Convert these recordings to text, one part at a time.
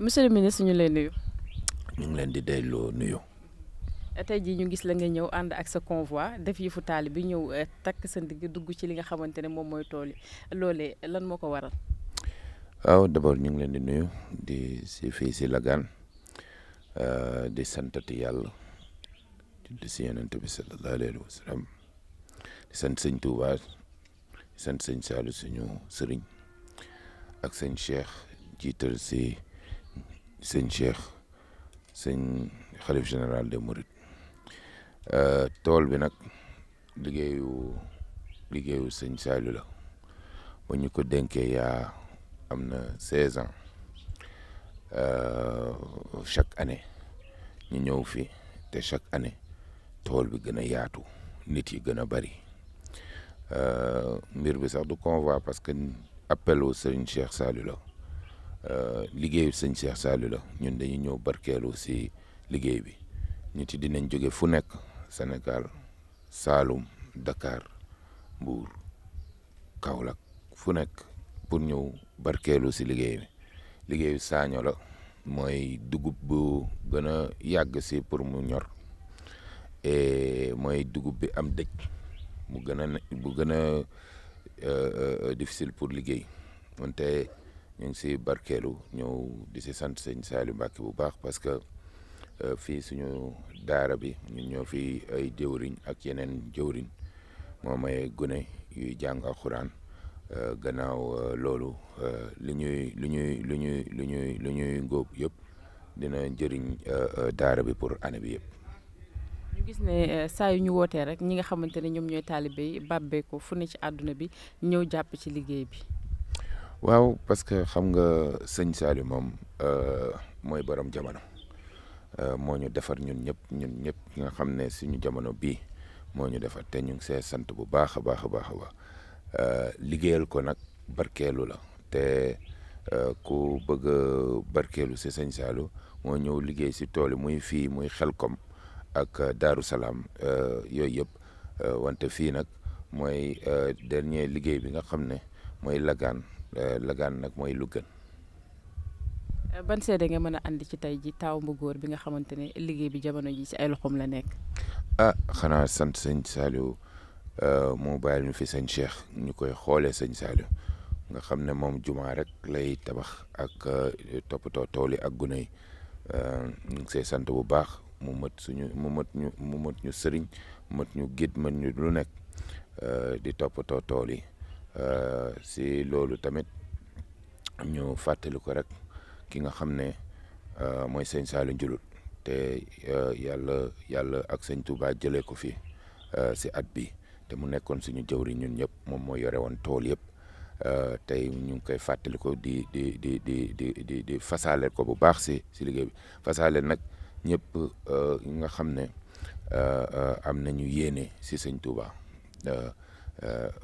monsieur le ministre ñu lay nuyu. ñu ngi leen di delloo nuyu. Eh, tey jii ñu gis la nga ñëw ànd ak sa convoi def yëfu taal bi ñëw eh, takk sa ndigg dugg ci li nga xamante ne moom mooy tool yi loolee lan moo ko waral. waaw d'abord ñu ngi leen di nuyu di si fii si Lagane eh, di santati yàlla di si yonent bi sallallahu sant sëñ Touba sant sëñ Saalu suñu sëriñ ak sëñ Cheikh jiital si. sëñ Cheikh sëñ xalif général des Mourides euh, tool bi nag liggéeyu liggéeyu sëñ Saliou la ba ñu ko dénkee yaa am na seize ans euh, chaque année ñu ñëw fi te chaque année tool bi gën a yaatu nit yi gën a bari euh, mbir bi sax du convoi parce que appel au sëñ Cheikh Saliou la Euh, liggéeyu sëñ Cheikh Saliou la ñun dañuy ñëw barkeelu si liggéey bi ñu ci dinañ jóge fu nekk Sénégal Saalum Dakar Mbuur kawlak fu nekk pour ñëw barkeelu si liggéey bi liggéeyu saaño la mooy dugub bu gën a yàgg si pour mu ñor et dugub bi am dëj mu gën a bu gën a euh, euh, difficile pour liggéey wante ñu ngi si barkeelu ñëw di si sant sëñ Saliou Mbacke bu baax parce que euh, fii suñu daara bi ñu ñoo fi ay jëwriñ ak yeneen jëwriñ moom ay gune yuy jàng alxuraan euh, gannaaw euh, loolu li ñuy lu ñuy lu ñuy lu ñuy lu ñuy ngóob yëpp dina njëriñ daara bi pour année bi yëpp. ñu gis ne saa yu ñu wootee rek ñi nga xamante ne ñoom ñooy taalibe yi bàbbeeku fu ne ci àdduna bi ñëw jàpp ci liggéey bi. waaw parce que xam nga sëñ Saliou moom euh, mooy borom jamono euh, moo ñu defar ñun ñëpp ñun ñëpp nga xam ne suñu jamono bii moo ñu defar te ñu ngi see sant bu baax a baax a baax a baax euh, liggéeyal ko nag barkeelu la te ku bëgg barkeelu si sëñ Saliou moo ñëw liggéey si tool yi muy fii muy kom ak Daaru Salaam yooyu yëpp wante fii nag mooy dernier liggéey bi nga xam ne. mooy lagaan euh, lagaan nag mooy lu gën. Euh, ban seede nga mën a andi ci tey ji taaw bu góor bi nga xamante ne liggéey bi jamono ji ci ay loxoom la nekk. ah xanaa sant sëñ Saliou euh, mu bàyyi ñu fi sëñ Cheikh ñu koy xoolee sëñ Saliou nga xam ne moom jumaa rek lay tabax ak toppatoo tool yi ak gune yi ñu ngi see sant bu baax mu mët suñu mu mët ñu mu mët ñu sëriñ mët ñu gid mët ñu lu nekk di toppatoo tool yi. Euh, si loolu tamit ñu fàttali ko rek ki nga xam ne euh, mooy sëñ Saliou Njulul te euh, yàlla yàlla ak sëñ Touba jëlee ko fi si at bi te mu nekkoon suñu jëwri ñun ñëpp moom mooy yore woon tool yëpp tey ñu ngi koy fàttali di di di di di di di fasaale ko bu baax si si liggéey bi fasaale nag ñëpp nga xam ne am nañu yéene si sëñ Touba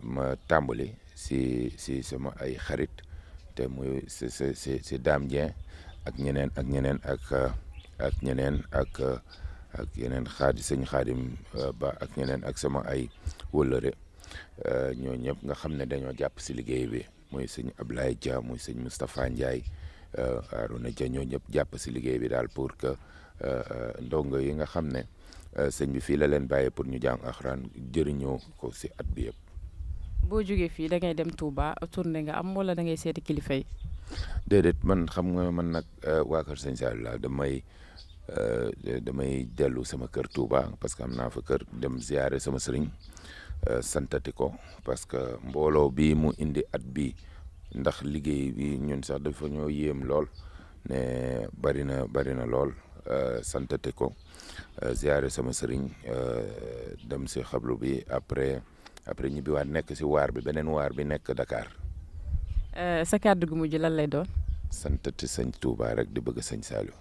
ma tàmbali si si sama ay xarit te muy si si si Dame Dieng ak ñeneen ak ñeneen ak ak ñeneen ak ak yeneen xaadi sëñ xaadim euh, ba ak ñeneen ak sama ay wëllëre euh, ñoo ñëpp nga xam ne dañoo jàpp si liggéey bi muy sëñ Ablaye Dia muy sëñ Moustapha Ndiaye euh, Arouna Dia ñoo ñëpp jàpp si liggéey bi daal pour que ndongo yi nga xam ne sëñ bi fii la leen bàyyee pour ñu jàng axraan jëriñoo ko si at bi yëpp boo jógee fii da ngay dem Touba tourné nga am wala dangay ngay seeti kilifa yi. man xam nga man nag euh, waa kër sëñ Saliou laa damay euh, damay dellu sama kër Touba parce que am naa fa kër dem ziare sama sëriñ euh, santati ko parce que mbooloo bi mu indi at bi ndax liggéey bi ñun sax dafa ñoo yéem lool ne bari na bari na lool santati ko ziare sama sëriñ dem si xablu bi après. après ñibbiwaat nekk ci waar bi beneen waar bi nekk Dakar. Euh, sa kàddu gu mujj lan lay doon. santati sëñ Touba rek di bëgg sëñ Saliou.